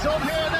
He's on here now.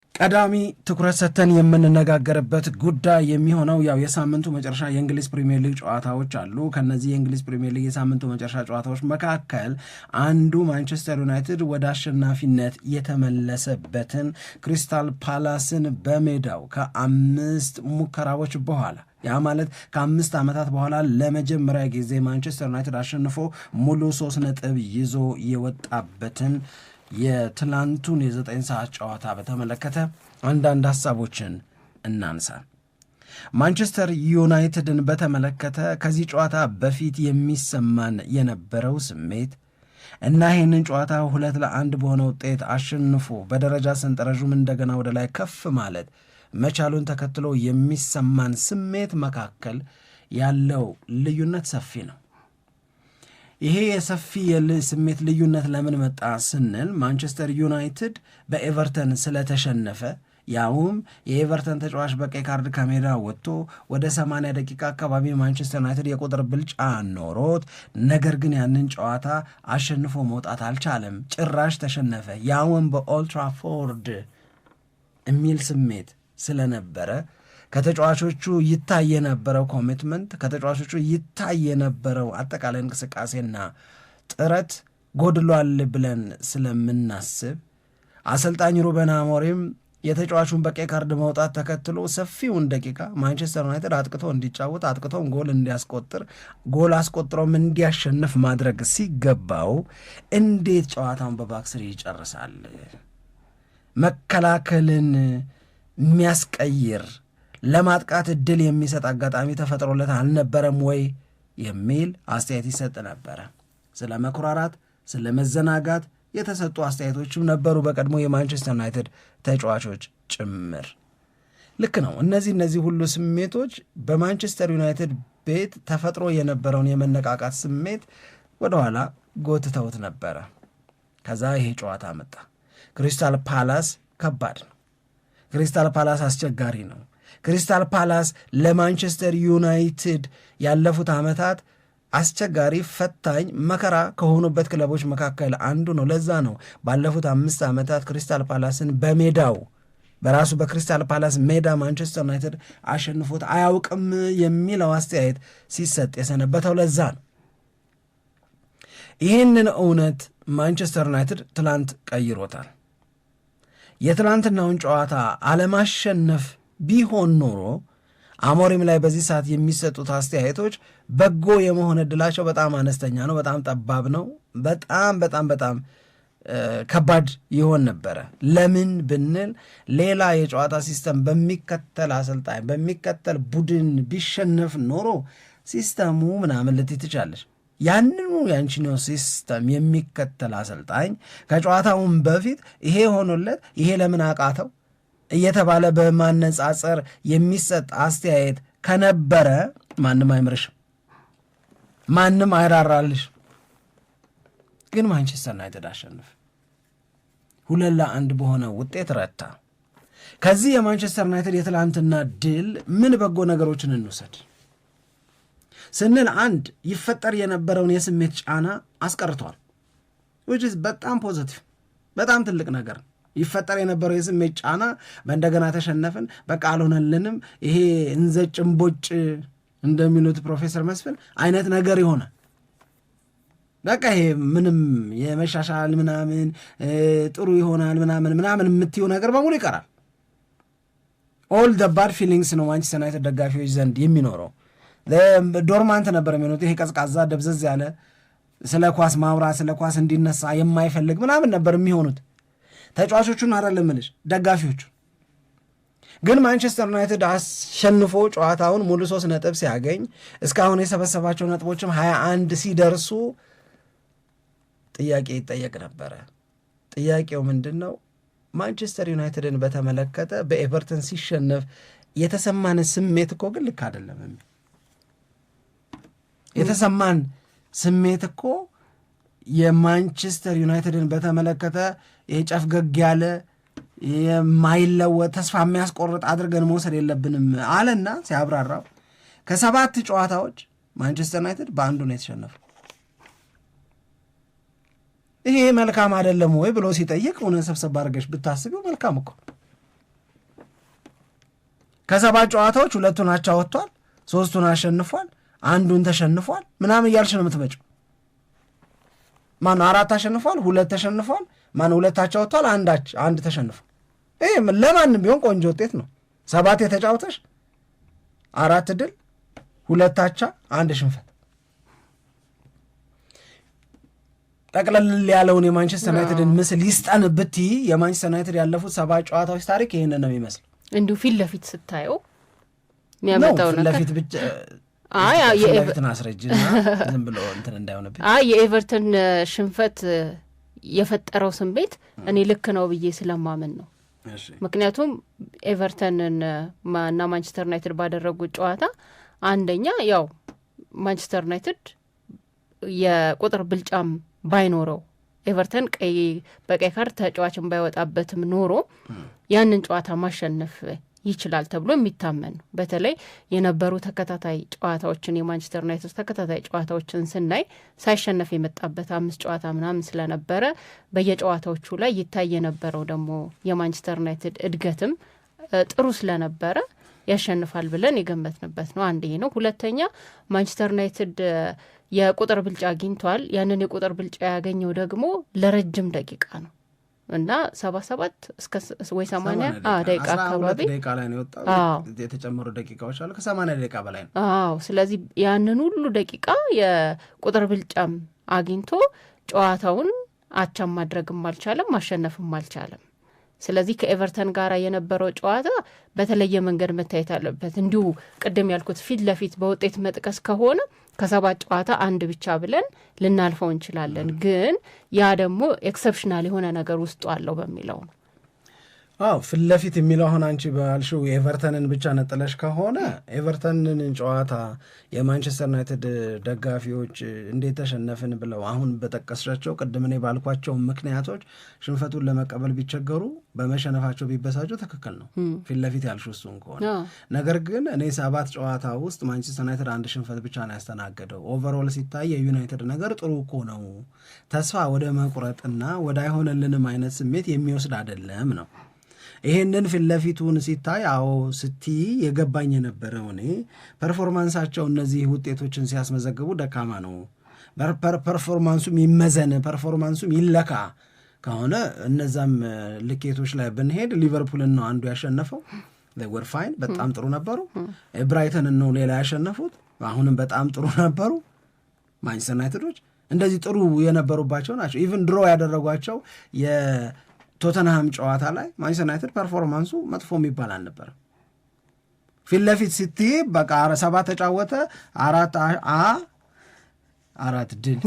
ቀዳሚ ትኩረት ሰጥተን የምንነጋገርበት ጉዳይ የሚሆነው ያው የሳምንቱ መጨረሻ የእንግሊዝ ፕሪምየር ሊግ ጨዋታዎች አሉ። ከነዚህ የእንግሊዝ ፕሪምየር ሊግ የሳምንቱ መጨረሻ ጨዋታዎች መካከል አንዱ ማንቸስተር ዩናይትድ ወደ አሸናፊነት የተመለሰበትን ክሪስታል ፓላስን በሜዳው ከአምስት ሙከራዎች በኋላ ያ ማለት ከአምስት ዓመታት በኋላ ለመጀመሪያ ጊዜ ማንቸስተር ዩናይትድ አሸንፎ ሙሉ ሶስት ነጥብ ይዞ የወጣበትን የትላንቱን የዘጠኝ ሰዓት ጨዋታ በተመለከተ አንዳንድ ሀሳቦችን እናንሳ። ማንቸስተር ዩናይትድን በተመለከተ ከዚህ ጨዋታ በፊት የሚሰማን የነበረው ስሜት እና ይህንን ጨዋታ ሁለት ለአንድ በሆነ ውጤት አሸንፎ በደረጃ ሰንጠረዡም እንደገና ወደ ላይ ከፍ ማለት መቻሉን ተከትሎ የሚሰማን ስሜት መካከል ያለው ልዩነት ሰፊ ነው። ይሄ የሰፊ ስሜት ልዩነት ለምን መጣ ስንል ማንቸስተር ዩናይትድ በኤቨርተን ስለተሸነፈ ያውም የኤቨርተን ተጫዋች በቀይ ካርድ ከሜዳ ወጥቶ ወደ 80 ደቂቃ አካባቢ ማንቸስተር ዩናይትድ የቁጥር ብልጫ ኖሮት፣ ነገር ግን ያንን ጨዋታ አሸንፎ መውጣት አልቻለም። ጭራሽ ተሸነፈ። ያውም በኦልትራፎርድ የሚል ስሜት ስለነበረ ከተጫዋቾቹ ይታይ የነበረው ኮሚትመንት ከተጫዋቾቹ ይታይ የነበረው አጠቃላይ እንቅስቃሴና ጥረት ጎድሏል ብለን ስለምናስብ አሰልጣኝ ሩበን አሞሪም የተጫዋቹን በቀይ ካርድ መውጣት ተከትሎ ሰፊውን ደቂቃ ማንቸስተር ዩናይትድ አጥቅቶ እንዲጫወት አጥቅቶም ጎል እንዲያስቆጥር ጎል አስቆጥሮም እንዲያሸንፍ ማድረግ ሲገባው እንዴት ጨዋታውን በባክስሪ ይጨርሳል? መከላከልን የሚያስቀይር ለማጥቃት እድል የሚሰጥ አጋጣሚ ተፈጥሮለት አልነበረም ወይ የሚል አስተያየት ይሰጥ ነበረ። ስለ መኩራራት፣ ስለ መዘናጋት የተሰጡ አስተያየቶችም ነበሩ በቀድሞ የማንቸስተር ዩናይትድ ተጫዋቾች ጭምር። ልክ ነው። እነዚህ እነዚህ ሁሉ ስሜቶች በማንቸስተር ዩናይትድ ቤት ተፈጥሮ የነበረውን የመነቃቃት ስሜት ወደኋላ ጎትተውት ነበረ። ከዛ ይሄ ጨዋታ መጣ። ክሪስታል ፓላስ ከባድ ነው። ክሪስታል ፓላስ አስቸጋሪ ነው። ክሪስታል ፓላስ ለማንቸስተር ዩናይትድ ያለፉት ዓመታት አስቸጋሪ ፈታኝ መከራ ከሆኑበት ክለቦች መካከል አንዱ ነው። ለዛ ነው ባለፉት አምስት ዓመታት ክሪስታል ፓላስን በሜዳው በራሱ በክሪስታል ፓላስ ሜዳ ማንቸስተር ዩናይትድ አሸንፎት አያውቅም የሚለው አስተያየት ሲሰጥ የሰነበተው ለዛ ነው። ይህንን እውነት ማንቸስተር ዩናይትድ ትላንት ቀይሮታል። የትላንትናውን ጨዋታ አለማሸነፍ ቢሆን ኖሮ አሞሪም ላይ በዚህ ሰዓት የሚሰጡት አስተያየቶች በጎ የመሆን እድላቸው በጣም አነስተኛ ነው፣ በጣም ጠባብ ነው። በጣም በጣም በጣም ከባድ ይሆን ነበረ። ለምን ብንል ሌላ የጨዋታ ሲስተም በሚከተል አሰልጣኝ በሚከተል ቡድን ቢሸነፍ ኖሮ ሲስተሙ ምናምን ልትይ ትቻለች። ያንኑ የአንቺኛው ሲስተም የሚከተል አሰልጣኝ ከጨዋታውን በፊት ይሄ ሆኖለት ይሄ ለምን አቃተው እየተባለ በማነጻጸር የሚሰጥ አስተያየት ከነበረ ማንም አይምርሽም፣ ማንም አይራራልሽ። ግን ማንቸስተር ዩናይትድ አሸንፍ ሁለት ለአንድ በሆነ ውጤት ረታ። ከዚህ የማንቸስተር ዩናይትድ የትላንትና ድል ምን በጎ ነገሮችን እንውሰድ ስንል አንድ ይፈጠር የነበረውን የስሜት ጫና አስቀርቷል። ዊች በጣም ፖዘቲቭ በጣም ትልቅ ነገር ይፈጠር የነበረው የስሜት ጫና በእንደገና ተሸነፍን፣ በቃ አልሆነልንም፣ ይሄ እንዘጭ እምቦጭ እንደሚሉት ፕሮፌሰር መስፍን አይነት ነገር ይሆናል። በቃ ይሄ ምንም የመሻሻል ምናምን ጥሩ ይሆናል ምናምን ምናምን የምትዩ ነገር በሙሉ ይቀራል። ኦል ደ ባድ ፊሊንግስ ነው ማንቸስተር ዩናይትድ ደጋፊዎች ዘንድ የሚኖረው። ዶርማንት ነበር የሚሆኑት። ይሄ ቀዝቃዛ ደብዘዝ ያለ ስለ ኳስ ማውራት ስለ ኳስ እንዲነሳ የማይፈልግ ምናምን ነበር የሚሆኑት። ተጫዋቾቹን አይደለም ደጋፊዎቹ ግን ማንቸስተር ዩናይትድ አሸንፎ ጨዋታውን ሙሉ ሶስት ነጥብ ሲያገኝ እስካሁን የሰበሰባቸው ነጥቦችም ሀያ አንድ ሲደርሱ ጥያቄ ይጠየቅ ነበረ። ጥያቄው ምንድን ነው? ማንቸስተር ዩናይትድን በተመለከተ በኤቨርተን ሲሸነፍ የተሰማን ስሜት እኮ ግን ልክ አይደለም። የተሰማን ስሜት እኮ የማንቸስተር ዩናይትድን በተመለከተ የጨፍገግ ያለ የማይለወጥ ተስፋ የሚያስቆርጥ አድርገን መውሰድ የለብንም አለና ሲያብራራው ከሰባት ጨዋታዎች ማንቸስተር ዩናይትድ በአንዱ ነው የተሸነፈው። ይሄ መልካም አይደለም ወይ ብሎ ሲጠይቅ እውነት ሰብሰብ አድርገሽ ብታስቢው መልካም እኮ ከሰባት ጨዋታዎች ሁለቱን አቻ ወጥቷል፣ ሶስቱን አሸንፏል፣ አንዱን ተሸንፏል ምናምን እያልሽ ነው የምትመጪው። ማነው አራት አሸንፏል፣ ሁለት ተሸንፏል ማን ሁለታቸው ወጥቷል፣ አንዳች አንድ ተሸንፎ ይህ ለማንም ቢሆን ቆንጆ ውጤት ነው። ሰባት የተጫወተሽ አራት ድል ሁለታቻ አንድ ሽንፈት ጠቅለል ያለውን የማንቸስተር ዩናይትድን ምስል ይስጠን ብትይ የማንቸስተር ዩናይትድ ያለፉት ሰባት ጨዋታዎች ታሪክ ይህንን ነው የሚመስለው። እንዲሁ ፊት ለፊት ስታየው የሚያመጣው ለፊት ብቻ የኤቨርተን አስረጅና ዝም ብሎ እንትን እንዳይሆንብኝ የኤቨርተን ሽንፈት የፈጠረው ስሜት እኔ ልክ ነው ብዬ ስለማምን ነው። ምክንያቱም ኤቨርተንን እና ማንቸስተር ዩናይትድ ባደረጉት ጨዋታ አንደኛ ያው ማንቸስተር ዩናይትድ የቁጥር ብልጫም ባይኖረው ኤቨርተን ቀይ በቀይ ካርድ ተጫዋችን ባይወጣበትም ኖሮ ያንን ጨዋታ ማሸነፍ ይችላል ተብሎ የሚታመን ነው። በተለይ የነበሩ ተከታታይ ጨዋታዎችን የማንቸስተር ዩናይትድ ተከታታይ ጨዋታዎችን ስናይ ሳይሸነፍ የመጣበት አምስት ጨዋታ ምናምን ስለነበረ በየጨዋታዎቹ ላይ ይታይ የነበረው ደግሞ የማንቸስተር ዩናይትድ እድገትም ጥሩ ስለነበረ ያሸንፋል ብለን የገመትንበት ነው። አንድ ይሄ ነው። ሁለተኛ ማንቸስተር ዩናይትድ የቁጥር ብልጫ አግኝቷል። ያንን የቁጥር ብልጫ ያገኘው ደግሞ ለረጅም ደቂቃ ነው። እና ሰባ ሰባት ወይ ሰማንያ ደቂቃ አካባቢ ደቂቃ ላይ ነው የወጣው። የተጨመሩ ደቂቃዎች አሉ። ከሰማንያ ደቂቃ በላይ ነው። አዎ። ስለዚህ ያንን ሁሉ ደቂቃ የቁጥር ብልጫም አግኝቶ ጨዋታውን አቻም ማድረግም አልቻለም፣ ማሸነፍም አልቻለም። ስለዚህ ከኤቨርተን ጋር የነበረው ጨዋታ በተለየ መንገድ መታየት አለበት። እንዲሁ ቅድም ያልኩት ፊት ለፊት በውጤት መጥቀስ ከሆነ ከሰባት ጨዋታ አንድ ብቻ ብለን ልናልፈው እንችላለን። ግን ያ ደግሞ ኤክሰፕሽናል የሆነ ነገር ውስጡ አለው በሚለው ነው። አዎ ፊት ለፊት የሚለው አሁን አንቺ ባልሽው የኤቨርተንን ብቻ ነጥለሽ ከሆነ ኤቨርተንን ጨዋታ የማንቸስተር ዩናይትድ ደጋፊዎች እንዴት ተሸነፍን ብለው አሁን በጠቀስሻቸው ቅድም እኔ ባልኳቸው ምክንያቶች ሽንፈቱን ለመቀበል ቢቸገሩ በመሸነፋቸው ቢበሳጩ ትክክል ነው፣ ፊት ለፊት ያልሽው እሱን ከሆነ ነገር ግን እኔ ሰባት ጨዋታ ውስጥ ማንቸስተር ዩናይትድ አንድ ሽንፈት ብቻ ነው ያስተናገደው። ኦቨርኦል ሲታይ የዩናይትድ ነገር ጥሩ እኮ ነው፣ ተስፋ ወደ መቁረጥና ወደ አይሆንልንም አይነት ስሜት የሚወስድ አይደለም ነው ይሄንን ፊት ለፊቱን ሲታይ አዎ ስቲ የገባኝ የነበረው እኔ ፐርፎርማንሳቸው እነዚህ ውጤቶችን ሲያስመዘግቡ ደካማ ነው። ፐርፎርማንሱም ይመዘን፣ ፐርፎርማንሱም ይለካ ከሆነ እነዛም ልኬቶች ላይ ብንሄድ ሊቨርፑልን ነው አንዱ ያሸነፈው። ወር ፋይን በጣም ጥሩ ነበሩ። ብራይተንን ነው ሌላ ያሸነፉት። አሁንም በጣም ጥሩ ነበሩ። ማንቸስተር ዩናይትዶች እንደዚህ ጥሩ የነበሩባቸው ናቸው። ኢቨን ድሮ ያደረጓቸው ቶተንሃም ጨዋታ ላይ ማንቸስተር ዩናይትድ ፐርፎርማንሱ መጥፎ የሚባል አልነበረም። ፊት ለፊት ስትይ በቃ ሰባ ተጫወተ አራት አ አራት ድል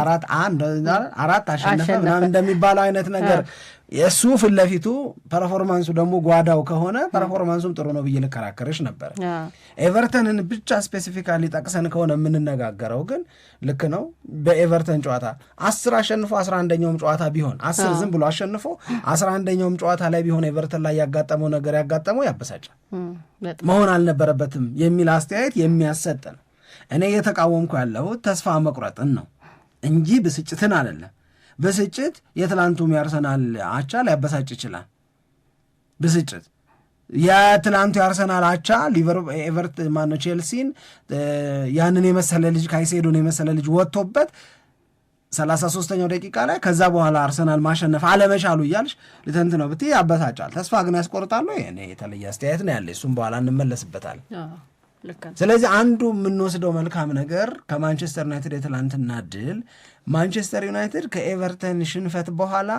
አራት አንድ አራት አሸነፈ ምናምን እንደሚባለው አይነት ነገር የእሱ ፊት ለፊቱ ፐርፎርማንሱ ደግሞ ጓዳው ከሆነ ፐርፎርማንሱም ጥሩ ነው ብዬ ልከራከርሽ ነበር። ኤቨርተንን ብቻ ስፔሲፊካሊ ጠቅሰን ከሆነ የምንነጋገረው ግን ልክ ነው። በኤቨርተን ጨዋታ አስር አሸንፎ አስራ አንደኛውም ጨዋታ ቢሆን አስር ዝም ብሎ አሸንፎ አስራ አንደኛውም ጨዋታ ላይ ቢሆን ኤቨርተን ላይ ያጋጠመው ነገር ያጋጠመው ያበሳጫል፣ መሆን አልነበረበትም የሚል አስተያየት የሚያሰጥ ነው። እኔ እየተቃወምኩ ያለሁት ተስፋ መቁረጥን ነው እንጂ ብስጭትን አይደለም። ብስጭት የትላንቱም ያርሰናል አቻ ሊያበሳጭ ይችላል። ብስጭት የትላንቱ ያርሰናል አቻ ኤቨርት ማነው ቼልሲን ያንን የመሰለ ልጅ ካይሴዶን የመሰለ ልጅ ወጥቶበት ሰላሳ ሶስተኛው ደቂቃ ላይ ከዛ በኋላ አርሰናል ማሸነፍ አለመቻሉ እያልሽ ልተንት ነው ብትይ ያበሳጫል። ተስፋ ግን ያስቆርጣሉ። የተለየ አስተያየት ነው ያለ እሱም በኋላ እንመለስበታል። ስለዚህ አንዱ የምንወስደው መልካም ነገር ከማንቸስተር ዩናይትድ የትላንትና ድል ማንቸስተር ዩናይትድ ከኤቨርተን ሽንፈት በኋላ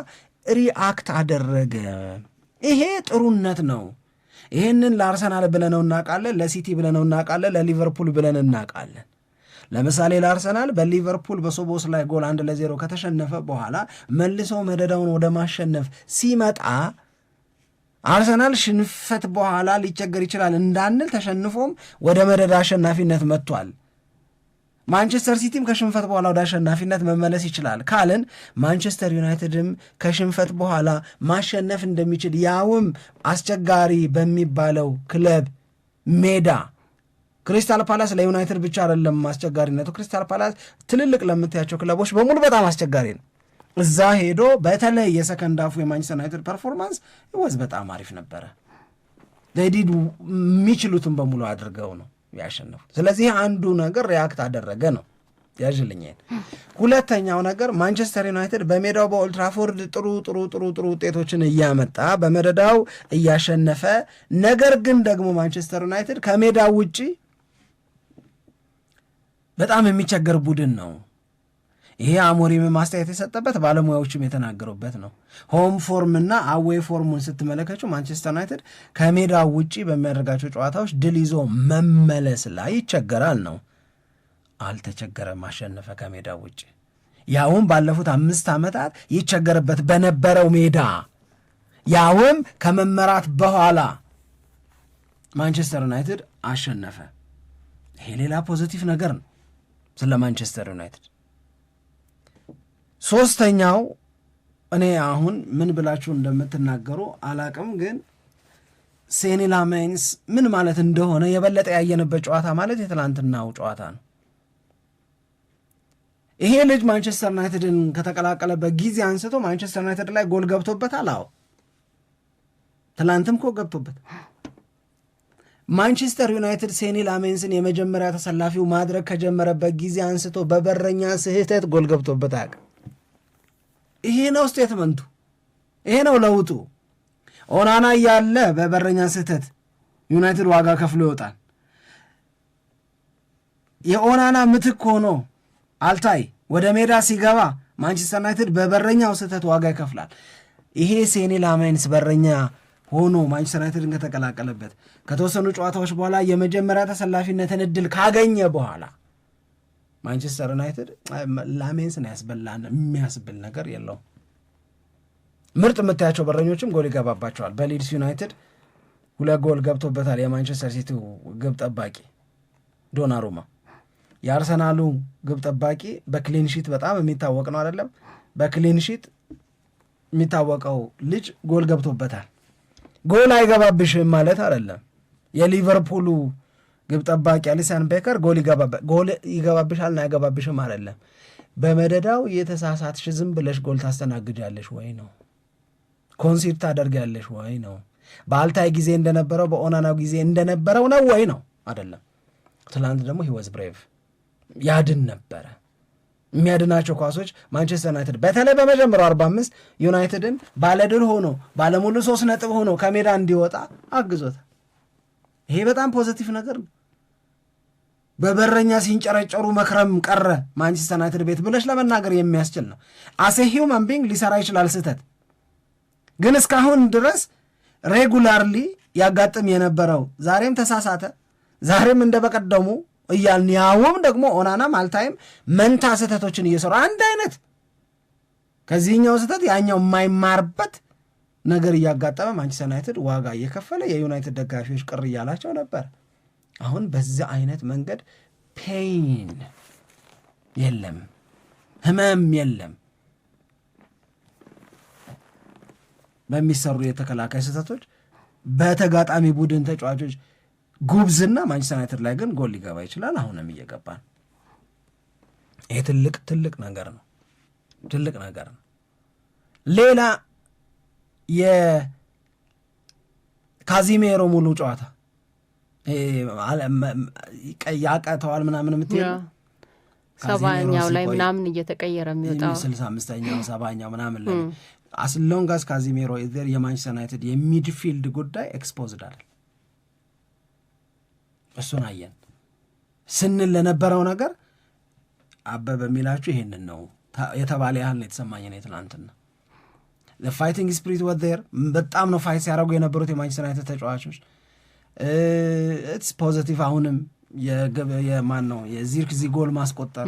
ሪአክት አደረገ። ይሄ ጥሩነት ነው። ይህንን ለአርሰናል ብለነው እናውቃለን፣ ለሲቲ ብለነው እናውቃለን፣ ለሊቨርፑል ብለን እናውቃለን። ለምሳሌ ለአርሰናል በሊቨርፑል በሶቦስ ላይ ጎል አንድ ለዜሮ ከተሸነፈ በኋላ መልሶ መደዳውን ወደ ማሸነፍ ሲመጣ አርሰናል ሽንፈት በኋላ ሊቸገር ይችላል እንዳንል ተሸንፎም ወደ መደዳ አሸናፊነት መጥቷል። ማንቸስተር ሲቲም ከሽንፈት በኋላ ወደ አሸናፊነት መመለስ ይችላል ካልን ማንቸስተር ዩናይትድም ከሽንፈት በኋላ ማሸነፍ እንደሚችል ያውም አስቸጋሪ በሚባለው ክለብ ሜዳ ክሪስታል ፓላስ ለዩናይትድ ብቻ አይደለም አስቸጋሪነቱ። ክሪስታል ፓላስ ትልልቅ ለምታያቸው ክለቦች በሙሉ በጣም አስቸጋሪ ነው። እዛ ሄዶ በተለይ የሰከንድ አፉ የማንቸስተር ዩናይትድ ፐርፎርማንስ ወዝ በጣም አሪፍ ነበረ። ዴዲድ የሚችሉትን በሙሉ አድርገው ነው ያሸነፉት። ስለዚህ አንዱ ነገር ሪያክት አደረገ ነው ያዥልኝ። ሁለተኛው ነገር ማንቸስተር ዩናይትድ በሜዳው በኦልትራፎርድ ጥሩ ጥሩ ጥሩ ጥሩ ውጤቶችን እያመጣ በመደዳው እያሸነፈ ነገር ግን ደግሞ ማንቸስተር ዩናይትድ ከሜዳው ውጪ በጣም የሚቸገር ቡድን ነው። ይሄ አሞሪም ማስተያየት የሰጠበት ባለሙያዎችም የተናገሩበት ነው። ሆም ፎርም እና አዌይ ፎርሙን ስትመለከቱ ማንቸስተር ዩናይትድ ከሜዳው ውጪ በሚያደርጋቸው ጨዋታዎች ድል ይዞ መመለስ ላይ ይቸገራል ነው። አልተቸገረም፣ አሸነፈ ከሜዳ ውጪ ያውም ባለፉት አምስት ዓመታት ይቸገርበት በነበረው ሜዳ ያውም ከመመራት በኋላ ማንቸስተር ዩናይትድ አሸነፈ። ይሄ ሌላ ፖዚቲቭ ነገር ነው ስለ ማንቸስተር ዩናይትድ ሶስተኛው እኔ አሁን ምን ብላችሁ እንደምትናገሩ አላቅም፣ ግን ሴኒ ላሜንስ ምን ማለት እንደሆነ የበለጠ ያየንበት ጨዋታ ማለት የትላንትናው ጨዋታ ነው። ይሄ ልጅ ማንቸስተር ዩናይትድን ከተቀላቀለበት ጊዜ አንስቶ ማንቸስተር ዩናይትድ ላይ ጎል ገብቶበታል። አዎ ትላንትም ኮ ገብቶበት ማንቸስተር ዩናይትድ ሴኒ ላሜንስን የመጀመሪያ ተሰላፊው ማድረግ ከጀመረበት ጊዜ አንስቶ በበረኛ ስህተት ጎል ገብቶበት አያውቅም። ይሄ ነው ስቴትመንቱ፣ ይሄ ነው ለውጡ። ኦናና እያለ በበረኛ ስህተት ዩናይትድ ዋጋ ከፍሎ ይወጣል። የኦናና ምትክ ሆኖ አልታይ ወደ ሜዳ ሲገባ ማንቸስተር ዩናይትድ በበረኛው ስህተት ዋጋ ይከፍላል። ይሄ ሴኒ ላሜንስ በረኛ ሆኖ ማንቸስተር ዩናይትድን ከተቀላቀለበት ከተወሰኑ ጨዋታዎች በኋላ የመጀመሪያ ተሰላፊነትን እድል ካገኘ በኋላ ማንቸስተር ዩናይትድ ላሜንስን ያስበላን የሚያስብል ነገር የለውም። ምርጥ የምታያቸው በረኞችም ጎል ይገባባቸዋል። በሊድስ ዩናይትድ ሁለት ጎል ገብቶበታል የማንቸስተር ሲቲው ግብ ጠባቂ ዶናሩማ። የአርሰናሉ ግብ ጠባቂ በክሊንሺት በጣም የሚታወቅ ነው አይደለም? በክሊንሺት የሚታወቀው ልጅ ጎል ገብቶበታል። ጎል አይገባብሽም ማለት አይደለም። የሊቨርፑሉ ግብ ጠባቂ አሊሰን ቤከር ጎል ይገባበት ጎል ይገባብሻልና አይደለም በመደዳው የተሳሳትሽ ዝም ብለሽ ጎል ታስተናግጃለሽ ወይ ነው። ኮንሲድ ታደርጊያለሽ ወይ ነው። በአልታይ ጊዜ እንደነበረው በኦናናው ጊዜ እንደነበረው ነው ወይ ነው አይደለም። ትላንት ደግሞ ሂወዝ ብሬቭ ያድን ነበረ። የሚያድናቸው ኳሶች ማንቸስተር ዩናይትድ በተለይ በመጀመሪያው 45 ዩናይትድን ባለድል ሆኖ ባለሙሉ ሶስት ነጥብ ሆኖ ከሜዳ እንዲወጣ አግዞታል። ይሄ በጣም ፖዘቲቭ ነገር ነው። በበረኛ ሲንጨረጨሩ መክረም ቀረ ማንቸስተር ዩናይትድ ቤት ብለሽ ለመናገር የሚያስችል ነው። አሴ ሂውማን ቢንግ ሊሰራ ይችላል ስህተት፣ ግን እስካሁን ድረስ ሬጉላርሊ ያጋጥም የነበረው ዛሬም ተሳሳተ፣ ዛሬም በቀደሙ እያልን ያውም ደግሞ ኦናና ማልታይም መንታ ስህተቶችን እየሰሩ አንድ አይነት ከዚህኛው ስህተት ያኛው የማይማርበት ነገር እያጋጠመ ማንቸስተር ዩናይትድ ዋጋ እየከፈለ የዩናይትድ ደጋፊዎች ቅር እያላቸው ነበር። አሁን በዚህ አይነት መንገድ ፔይን የለም፣ ህመም የለም። በሚሰሩ የተከላካይ ስህተቶች በተጋጣሚ ቡድን ተጫዋቾች ጉብዝና ማንቸስተር ዩናይትድ ላይ ግን ጎል ሊገባ ይችላል። አሁንም እየገባ ነው። ይህ ትልቅ ትልቅ ነገር ነው። ትልቅ ነገር ነው። ሌላ የካዚሜሮ ሙሉ ጨዋታ ያቀተዋል ምናምን የምትሄዱ ሰባኛው ላይ ምናምን እየተቀየረ የሚወጣው ስልሳ አምስተኛው ሰባኛው ምናምን ላይ አስ ሎንግ አስ ካዚሜሮ ዘር የማንቸስተር ዩናይትድ የሚድፊልድ ጉዳይ ኤክስፖዝድ አይደል። እሱን አየን ስንል ለነበረው ነገር አበበ የሚላችሁ ይሄንን ነው የተባለ ያህል ነው የተሰማኝ ነው የትናንትና ፋይቲንግ ስፕሪት ወር በጣም ነው ፋይት ሲያደርጉ የነበሩት የማንቸስተር ዩናይትድ ተጫዋቾች። ኢትስ ፖዘቲቭ አሁንም የማን ነው የዚርክዚ ጎል ማስቆጠር፣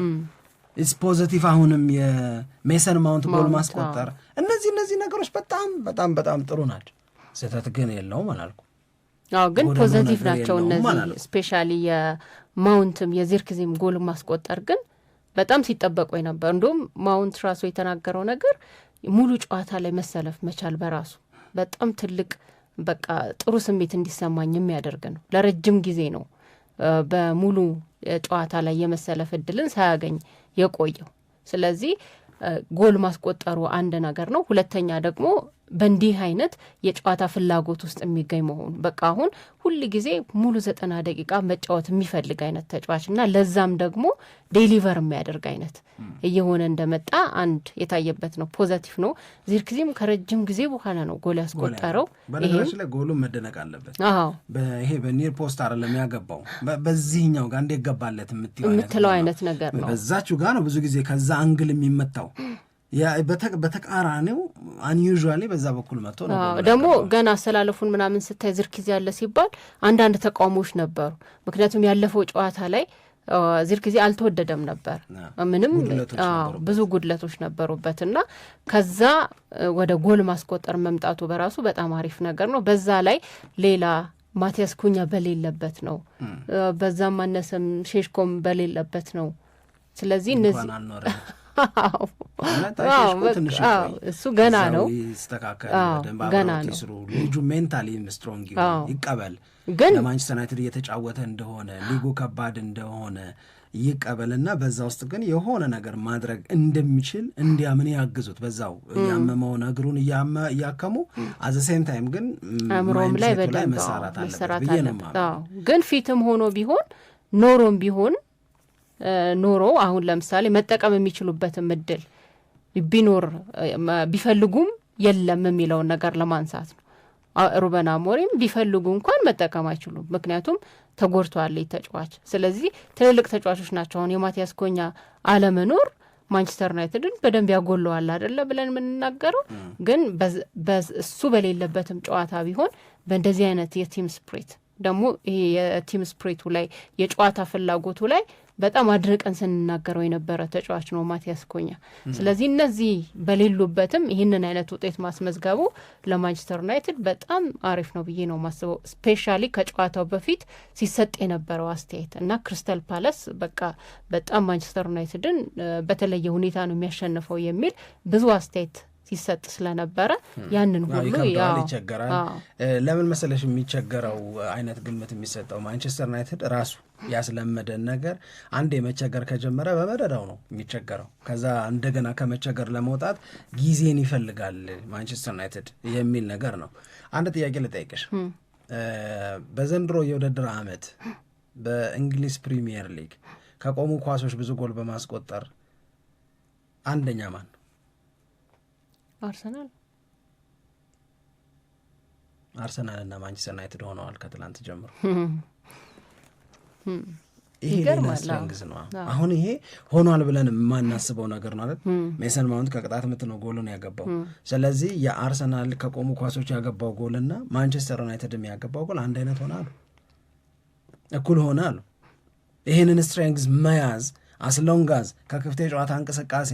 ኢትስ ፖዘቲቭ አሁንም የሜሰን ማውንት ጎል ማስቆጠር። እነዚህ እነዚህ ነገሮች በጣም በጣም በጣም ጥሩ ናቸው። ስህተት ግን የለውም አላልኩም። አዎ ግን ፖዘቲቭ ናቸው እነዚህ ስፔሻሊ የማውንትም የዚርክዚም ጎል ማስቆጠር ግን በጣም ሲጠበቁ ነበር። እንዲሁም ማውንት ራሱ የተናገረው ነገር ሙሉ ጨዋታ ላይ መሰለፍ መቻል በራሱ በጣም ትልቅ በቃ ጥሩ ስሜት እንዲሰማኝ የሚያደርግ ነው። ለረጅም ጊዜ ነው በሙሉ ጨዋታ ላይ የመሰለፍ እድልን ሳያገኝ የቆየው። ስለዚህ ጎል ማስቆጠሩ አንድ ነገር ነው። ሁለተኛ ደግሞ በእንዲህ አይነት የጨዋታ ፍላጎት ውስጥ የሚገኝ መሆኑ በቃ አሁን ሁል ጊዜ ሙሉ ዘጠና ደቂቃ መጫወት የሚፈልግ አይነት ተጫዋች እና ለዛም ደግሞ ዴሊቨር የሚያደርግ አይነት እየሆነ እንደመጣ አንድ የታየበት ነው። ፖዘቲቭ ነው። ዚርክዚም ከረጅም ጊዜ በኋላ ነው ጎል ያስቆጠረው። በነገራችን ላይ ጎሉ መደነቅ አለበት። ይሄ በኒር ፖስት አይደለም ያገባው፣ በዚህኛው ጋር እንደ ገባለት የምትለው አይነት ነገር ነው። በዛችሁ ጋር ነው ብዙ ጊዜ ከዛ አንግል የሚመታው በተቃራኒው አንዩዋ በዛ በኩል መጥቶ ነው። ደግሞ ገና አስተላለፉን ምናምን ስታይ ዝርኪዜ ያለ ሲባል አንዳንድ ተቃውሞዎች ነበሩ። ምክንያቱም ያለፈው ጨዋታ ላይ ዝርኪዜ አልተወደደም ነበር፣ ምንም ብዙ ጉድለቶች ነበሩበት እና ከዛ ወደ ጎል ማስቆጠር መምጣቱ በራሱ በጣም አሪፍ ነገር ነው። በዛ ላይ ሌላ ማቲያስ ኩኛ በሌለበት ነው፣ በዛም ማነሰም ሼሽኮም በሌለበት ነው። ስለዚህ እነዚህ እሱ ገና ነው ይስተካከል፣ ገና ነው ልጁ ሜንታሊ ስትሮንግ ይቀበል፣ ግን ለማንቸስተር ዩናይትድ እየተጫወተ እንደሆነ ሊጉ ከባድ እንደሆነ ይቀበልና በዛ ውስጥ ግን የሆነ ነገር ማድረግ እንደሚችል እንዲያምን ያግዙት። በዛው እያመመውን እግሩን እያከሙ አዘሴም ታይም ግን አእምሮም ላይ መሰራት አለበት ብዬ ነው። ግን ፊትም ሆኖ ቢሆን ኖሮም ቢሆን ኖሮ አሁን ለምሳሌ መጠቀም የሚችሉበትም እድል ቢኖር ቢፈልጉም የለም የሚለውን ነገር ለማንሳት ነው። ሩበን አሞሪም ቢፈልጉ እንኳን መጠቀም አይችሉም፣ ምክንያቱም ተጎድቷል ተጫዋች። ስለዚህ ትልልቅ ተጫዋቾች ናቸው። አሁን የማቲያስ ኮኛ አለመኖር ማንቸስተር ዩናይትድን በደንብ ያጎለዋል አደለ ብለን የምንናገረው ግን እሱ በሌለበትም ጨዋታ ቢሆን በእንደዚህ አይነት የቲም ስፕሪት ደግሞ ይሄ የቲም ስፕሪቱ ላይ የጨዋታ ፍላጎቱ ላይ በጣም አድርቀን ስንናገረው የነበረ ተጫዋች ነው ማቲያስ ኩኛ። ስለዚህ እነዚህ በሌሉበትም ይህንን አይነት ውጤት ማስመዝገቡ ለማንቸስተር ዩናይትድ በጣም አሪፍ ነው ብዬ ነው ማስበው። ስፔሻሊ ከጨዋታው በፊት ሲሰጥ የነበረው አስተያየት እና ክሪስታል ፓላስ በቃ በጣም ማንቸስተር ዩናይትድን በተለየ ሁኔታ ነው የሚያሸንፈው የሚል ብዙ አስተያየት ሲሰጥ ስለነበረ ያንን ሁሉ ይቸገራል። ለምን መሰለሽ የሚቸገረው አይነት ግምት የሚሰጠው ማንቸስተር ዩናይትድ ራሱ ያስለመደን ነገር አንድ የመቸገር ከጀመረ በመደዳው ነው የሚቸገረው። ከዛ እንደገና ከመቸገር ለመውጣት ጊዜን ይፈልጋል ማንቸስተር ዩናይትድ የሚል ነገር ነው። አንድ ጥያቄ ልጠይቅሽ። በዘንድሮ የውድድር ዓመት በእንግሊዝ ፕሪሚየር ሊግ ከቆሙ ኳሶች ብዙ ጎል በማስቆጠር አንደኛ ማን አርሰናል አርሰናል እና ማንቸስተር ዩናይትድ ሆነዋል ከትላንት ጀምሮ። ይሄ ሌላ ስትሪንግዝ ነው። አሁን ይሄ ሆኗል ብለን የማናስበው ነገር ነው አለት ሜሰን ማውንት ከቅጣት ምት ነው ጎልን ያገባው። ስለዚህ የአርሰናል ከቆሙ ኳሶች ያገባው ጎል ጎልና ማንቸስተር ዩናይትድም ያገባው ጎል አንድ አይነት ሆነ አሉ፣ እኩል ሆነ አሉ። ይህንን ስትሬንግዝ መያዝ አስሎንጋዝ ከክፍቴ ጨዋታ እንቅስቃሴ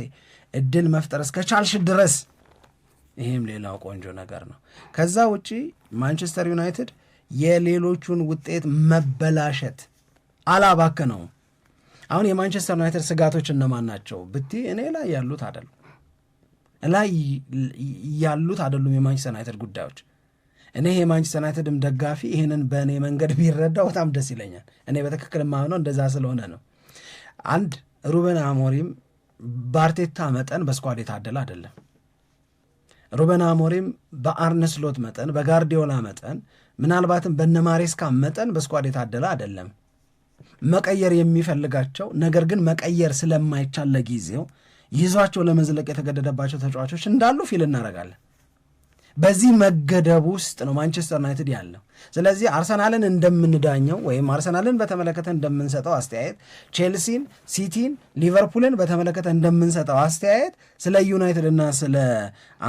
እድል መፍጠር እስከ ቻልሽ ድረስ ይህም ሌላው ቆንጆ ነገር ነው። ከዛ ውጪ ማንቸስተር ዩናይትድ የሌሎቹን ውጤት መበላሸት አላባክ ነው። አሁን የማንቸስተር ዩናይትድ ስጋቶች እነማን ናቸው ብቲ እኔ ላይ ያሉት አይደሉም ላይ ያሉት አይደሉም የማንቸስተር ዩናይትድ ጉዳዮች። እኔ የማንቸስተር ዩናይትድም ደጋፊ ይህንን በእኔ መንገድ ቢረዳው በጣም ደስ ይለኛል። እኔ በትክክል የማምነው እንደዛ ስለሆነ ነው። አንድ ሩበን አሞሪም በአርቴታ መጠን በስኳድ የታደለ አይደለም። ሩበን አሞሪም በአርነስሎት መጠን በጋርዲዮላ መጠን ምናልባትም በነማሬስካ መጠን በስኳድ የታደለ አይደለም። መቀየር የሚፈልጋቸው ነገር ግን መቀየር ስለማይቻል ለጊዜው ይዟቸው ለመዝለቅ የተገደደባቸው ተጫዋቾች እንዳሉ ፊል እናደርጋለን። በዚህ መገደብ ውስጥ ነው ማንቸስተር ዩናይትድ ያለው። ስለዚህ አርሰናልን እንደምንዳኘው ወይም አርሰናልን በተመለከተ እንደምንሰጠው አስተያየት፣ ቼልሲን፣ ሲቲን፣ ሊቨርፑልን በተመለከተ እንደምንሰጠው አስተያየት ስለ ዩናይትድ እና ስለ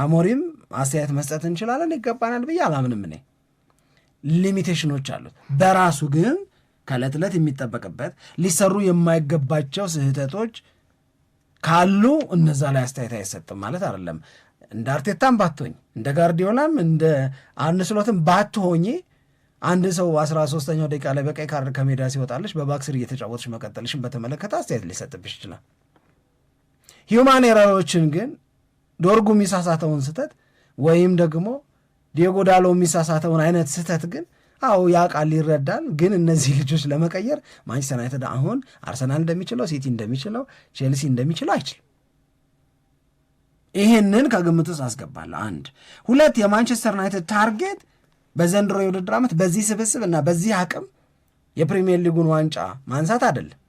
አሞሪም አስተያየት መስጠት እንችላለን፣ ይገባናል ብዬ አላምንም። እኔ ሊሚቴሽኖች አሉት። በራሱ ግን ከዕለት ዕለት የሚጠበቅበት ሊሰሩ የማይገባቸው ስህተቶች ካሉ እነዛ ላይ አስተያየት አይሰጥም ማለት አይደለም። እንደ አርቴታም ባትሆኝ እንደ ጋርዲዮላም እንደ አንስሎትም ባትሆኝ አንድ ሰው አስራ ሶስተኛው ደቂቃ ላይ በቀይ ካርድ ከሜዳ ሲወጣለች በባክስር እየተጫወተች መቀጠልሽን በተመለከተ አስተያየት ሊሰጥብሽ ይችላል። ሂውማን ኤረሮችን ግን ዶርጉ የሚሳሳተውን ስህተት ወይም ደግሞ ዲዮጎ ዳሎ የሚሳሳተውን አይነት ስህተት ግን አዎ ያ ቃል ይረዳል። ግን እነዚህ ልጆች ለመቀየር ማንቸስተር ዩናይትድ አሁን አርሰናል እንደሚችለው፣ ሲቲ እንደሚችለው፣ ቼልሲ እንደሚችለው አይችልም። ይሄንን ከግምት ውስጥ አስገባለሁ። አንድ ሁለት የማንቸስተር ዩናይትድ ታርጌት በዘንድሮ የውድድር ዓመት በዚህ ስብስብ እና በዚህ አቅም የፕሪሚየር ሊጉን ዋንጫ ማንሳት አይደለም።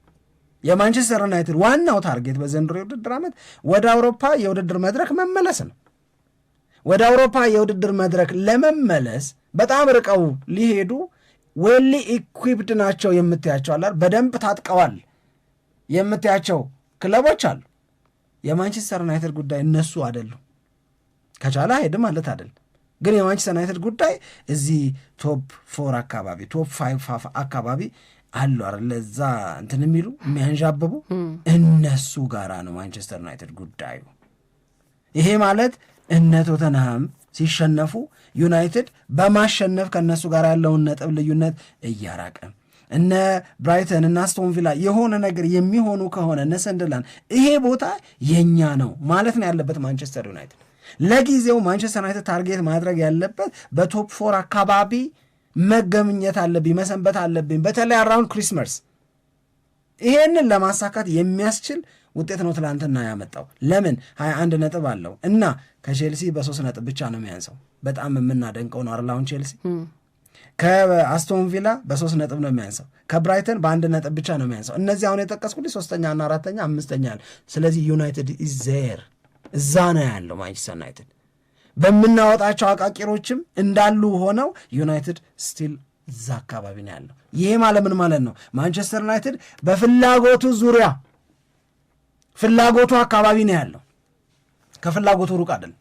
የማንቸስተር ዩናይትድ ዋናው ታርጌት በዘንድሮ የውድድር ዓመት ወደ አውሮፓ የውድድር መድረክ መመለስ ነው። ወደ አውሮፓ የውድድር መድረክ ለመመለስ በጣም ርቀው ሊሄዱ ዌሊ ኢኩዊፕድ ናቸው የምትያቸው በደንብ ታጥቀዋል የምትያቸው ክለቦች አሉ። የማንቸስተር ዩናይትድ ጉዳይ እነሱ አደሉ። ከቻለ ሄድ ማለት አይደለም፣ ግን የማንቸስተር ዩናይትድ ጉዳይ እዚህ ቶፕ ፎር አካባቢ ቶፕ ፋይቭ አካባቢ አሉ አይደል? እዛ እንትን የሚሉ የሚያንዣብቡ እነሱ ጋራ ነው ማንቸስተር ዩናይትድ ጉዳዩ። ይሄ ማለት እነ ቶተንሃም ሲሸነፉ ዩናይትድ በማሸነፍ ከእነሱ ጋር ያለውን ነጥብ ልዩነት እያራቀ እነ ብራይተን እና ስቶንቪላ የሆነ ነገር የሚሆኑ ከሆነ እነ ሰንደርላንድ ይሄ ቦታ የኛ ነው ማለት ነው ያለበት ማንቸስተር ዩናይትድ። ለጊዜው ማንቸስተር ዩናይትድ ታርጌት ማድረግ ያለበት በቶፕ ፎር አካባቢ መገምኘት አለብኝ፣ መሰንበት አለብኝ፣ በተለይ አራውንድ ክሪስመስ። ይሄንን ለማሳካት የሚያስችል ውጤት ነው ትላንትና ያመጣው። ለምን 21 ነጥብ አለው እና ከቼልሲ በሶስት ነጥብ ብቻ ነው የሚያንሰው። በጣም የምናደንቀው ነው አርላውን ቼልሲ ከአስቶን ቪላ በሶስት ነጥብ ነው የሚያንሰው። ከብራይተን በአንድ ነጥብ ብቻ ነው የሚያንሰው። እነዚህ አሁን የጠቀስኩት ሶስተኛና አራተኛ አምስተኛ ያለ። ስለዚህ ዩናይትድ ዘር እዛ ነው ያለው። ማንቸስተር ዩናይትድ በምናወጣቸው አቃቂሮችም እንዳሉ ሆነው ዩናይትድ ስቲል እዛ አካባቢ ነው ያለው። ይሄ ማለት ምን ማለት ነው? ማንቸስተር ዩናይትድ በፍላጎቱ ዙሪያ ፍላጎቱ አካባቢ ነው ያለው። ከፍላጎቱ ሩቅ አይደለም።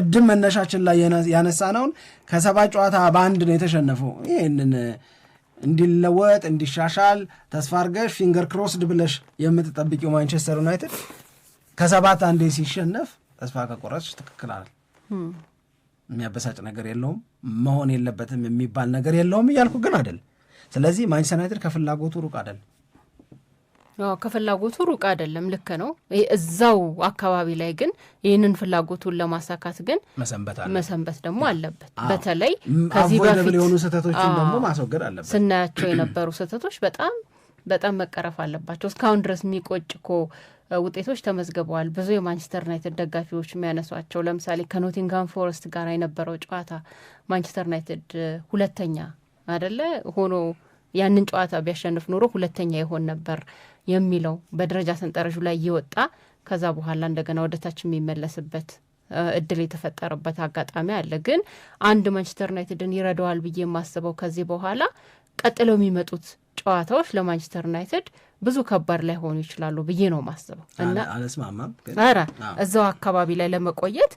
ቅድም መነሻችን ላይ ያነሳ ነውን ከሰባት ጨዋታ በአንድ ነው የተሸነፈው። ይህንን እንዲለወጥ እንዲሻሻል ተስፋ አድርገሽ ፊንገር ክሮስድ ብለሽ የምትጠብቂው ማንቸስተር ዩናይትድ ከሰባት አንዴ ሲሸነፍ ተስፋ ከቆረጥሽ ትክክል የሚያበሳጭ ነገር የለውም፣ መሆን የለበትም የሚባል ነገር የለውም እያልኩ ግን አይደል። ስለዚህ ማንቸስተር ዩናይትድ ከፍላጎቱ ሩቅ አይደል። ከፍላጎቱ ሩቅ አይደለም። ልክ ነው። እዛው አካባቢ ላይ ግን ይህንን ፍላጎቱን ለማሳካት ግን መሰንበት ደግሞ አለበት። በተለይ ከዚህ በፊት የሆኑ ስህተቶችን ደግሞ ማስወገድ አለበት። ስናያቸው የነበሩ ስህተቶች በጣም በጣም መቀረፍ አለባቸው። እስካሁን ድረስ የሚቆጭ ኮ ውጤቶች ተመዝግበዋል። ብዙ የማንቸስተር ዩናይትድ ደጋፊዎች የሚያነሷቸው ለምሳሌ ከኖቲንጋም ፎረስት ጋር የነበረው ጨዋታ ማንቸስተር ዩናይትድ ሁለተኛ አይደለ ሆኖ ያንን ጨዋታ ቢያሸንፍ ኖሮ ሁለተኛ ይሆን ነበር የሚለው በደረጃ ሰንጠረዡ ላይ እየወጣ ከዛ በኋላ እንደገና ወደታች የሚመለስበት እድል የተፈጠረበት አጋጣሚ አለ። ግን አንድ ማንቸስተር ዩናይትድን ይረዳዋል ብዬ የማስበው ከዚህ በኋላ ቀጥለው የሚመጡት ጨዋታዎች ለማንቸስተር ዩናይትድ ብዙ ከባድ ላይ ሆኑ ይችላሉ ብዬ ነው ማስበው እና ኧረ እዛው አካባቢ ላይ ለመቆየት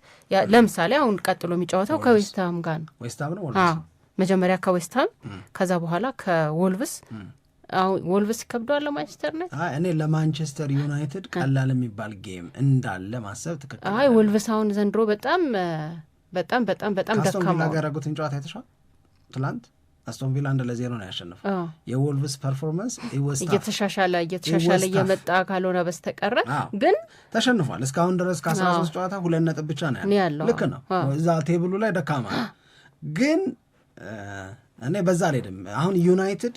ለምሳሌ አሁን ቀጥሎ የሚጫወተው ከዌስትሃም ጋር ነው። መጀመሪያ ከዌስትሃም ከዛ በኋላ ከወልቭስ አሁን ወልቭስ ከብዷል ለማንቸስተር ዩናይትድ። እኔ ለማንቸስተር ዩናይትድ ቀላል የሚባል ጌም እንዳለ ማሰብ ትክክል። አይ ወልቭስ አሁን ዘንድሮ በጣም በጣም በጣም በጣም ደካማ ያደረጉትን ጨዋታ አይተሻል? ትላንት አስቶን ቪላ አንድ ለዜሮ ነው ያሸነፈው። የወልቭስ ፐርፎርማንስ እየተሻሻለ እየተሻሻለ እየመጣ ካልሆነ በስተቀረ ግን ተሸንፏል። እስካሁን ድረስ ከአስራ ሶስት ጨዋታ ሁለት ነጥብ ብቻ ነው ያለው። ልክ ነው፣ እዛ ቴብሉ ላይ ደካማ ነው ግን እኔ በዛ አልሄድም። አሁን ዩናይትድ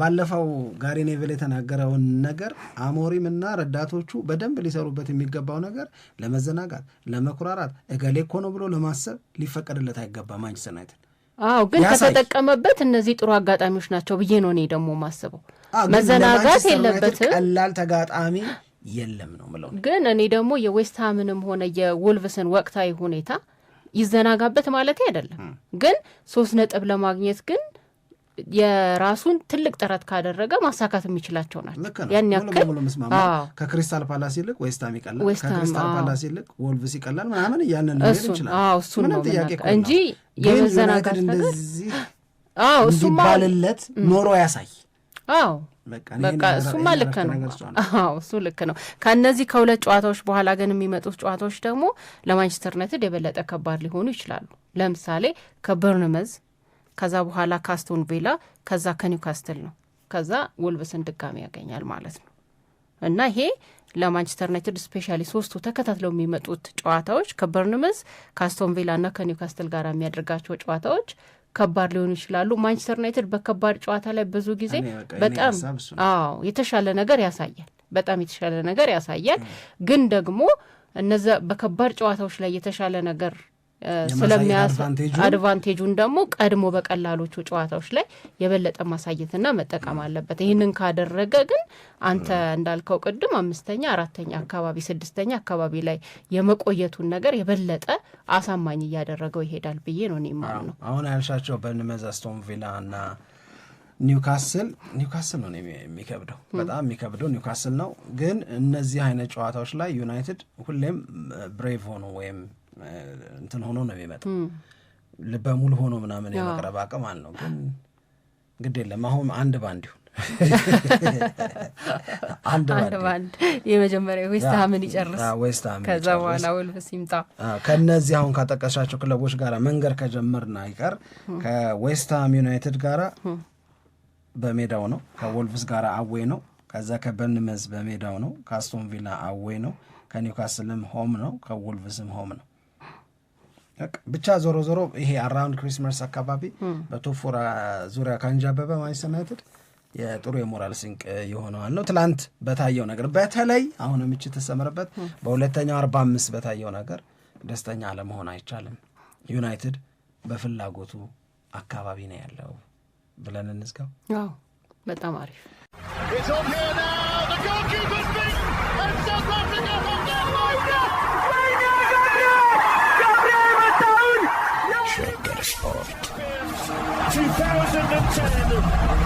ባለፈው ጋሪ የተናገረውን ነገር አሞሪም እና ረዳቶቹ በደንብ ሊሰሩበት የሚገባው ነገር ለመዘናጋት፣ ለመኩራራት እገሌ እኮ ነው ብሎ ለማሰብ ሊፈቀድለት አይገባ ማንቸስተር ዩናይትድ። አዎ ግን ከተጠቀመበት እነዚህ ጥሩ አጋጣሚዎች ናቸው ብዬ ነው እኔ ደግሞ ማስበው። መዘናጋት የለበትም። ቀላል ተጋጣሚ የለም ነው ምለው። ግን እኔ ደግሞ የዌስትሃምንም ሆነ የውልቭስን ወቅታዊ ሁኔታ ይዘናጋበት ማለት አይደለም፣ ግን ሶስት ነጥብ ለማግኘት ግን የራሱን ትልቅ ጥረት ካደረገ ማሳካት የሚችላቸው ናቸው። ያን ያክል ከክሪስታል ፓላስ ይልቅ ዌስታም ይቀላል፣ ከክሪስታል ፓላስ ይልቅ ወልቭስ ይቀላል ምናምን እያለን ይችላል። እሱን ነው እንጂ የመዘናጋት ነገር እሱማ ባልለት ኖሮ ያሳይ አዎ በቃ እሱማ ልክ ነው። እሱ ልክ ነው። ከእነዚህ ከሁለት ጨዋታዎች በኋላ ግን የሚመጡት ጨዋታዎች ደግሞ ለማንቸስተር ዩናይትድ የበለጠ ከባድ ሊሆኑ ይችላሉ። ለምሳሌ ከበርንመዝ፣ ከዛ በኋላ ካስቶን ቬላ፣ ከዛ ከኒውካስትል ነው። ከዛ ውልብስን ድጋሚ ያገኛል ማለት ነው እና ይሄ ለማንቸስተር ዩናይትድ ስፔሻሊ ሶስቱ ተከታትለው የሚመጡት ጨዋታዎች ከበርንመዝ፣ ካስቶን ቬላ እና ከኒውካስትል ጋር የሚያደርጋቸው ጨዋታዎች ከባድ ሊሆኑ ይችላሉ። ማንቸስተር ዩናይትድ በከባድ ጨዋታ ላይ ብዙ ጊዜ በጣም አዎ የተሻለ ነገር ያሳያል በጣም የተሻለ ነገር ያሳያል። ግን ደግሞ እነዚያ በከባድ ጨዋታዎች ላይ የተሻለ ነገር አድቫንቴጁን ደግሞ ቀድሞ በቀላሎቹ ጨዋታዎች ላይ የበለጠ ማሳየትና መጠቀም አለበት። ይህንን ካደረገ ግን አንተ እንዳልከው ቅድም አምስተኛ፣ አራተኛ አካባቢ ስድስተኛ አካባቢ ላይ የመቆየቱን ነገር የበለጠ አሳማኝ እያደረገው ይሄዳል ብዬ ነው እኔ ነው። አሁን ያልሻቸው በንመዝ አስቶን ቪላ እና ኒውካስል ኒውካስል ነው የሚከብደው፣ በጣም የሚከብደው ኒውካስል ነው። ግን እነዚህ አይነት ጨዋታዎች ላይ ዩናይትድ ሁሌም ብሬቭ ሆኖ ወይም እንትን ሆኖ ነው የሚመጣው በሙሉ ሆኖ ምናምን የመቅረብ አቅም አለው። ግን ግድ የለም አሁን አንድ ባንድ ይሁን አንድ ባንድ የመጀመሪያ ዌስትሃምን ይጨርስ ከዛ በኋላ ወልቭስ ይምጣ። ከእነዚህ አሁን ካጠቀሻቸው ክለቦች ጋር መንገድ ከጀመርን አይቀር ከዌስትሃም ዩናይትድ ጋራ በሜዳው ነው፣ ከወልቭስ ጋር አዌ ነው፣ ከዛ ከበርንመዝ በሜዳው ነው፣ ከአስቶን ቪላ አዌይ ነው፣ ከኒውካስልም ሆም ነው፣ ከወልቭስም ሆም ነው። ብቻ ዞሮ ዞሮ ይሄ አራውንድ ክሪስመስ አካባቢ በቶፕ ፎር ዙሪያ ካንዣበበ ማንችስተር ዩናይትድ የጥሩ የሞራል ስንቅ የሆነዋል ነው። ትላንት በታየው ነገር በተለይ አሁን ምች ተሰምርበት በሁለተኛው አርባ አምስት በታየው ነገር ደስተኛ አለመሆን አይቻልም። ዩናይትድ በፍላጎቱ አካባቢ ነው ያለው ብለን እንዝጋው። በጣም አሪፍ Oxford. 2010.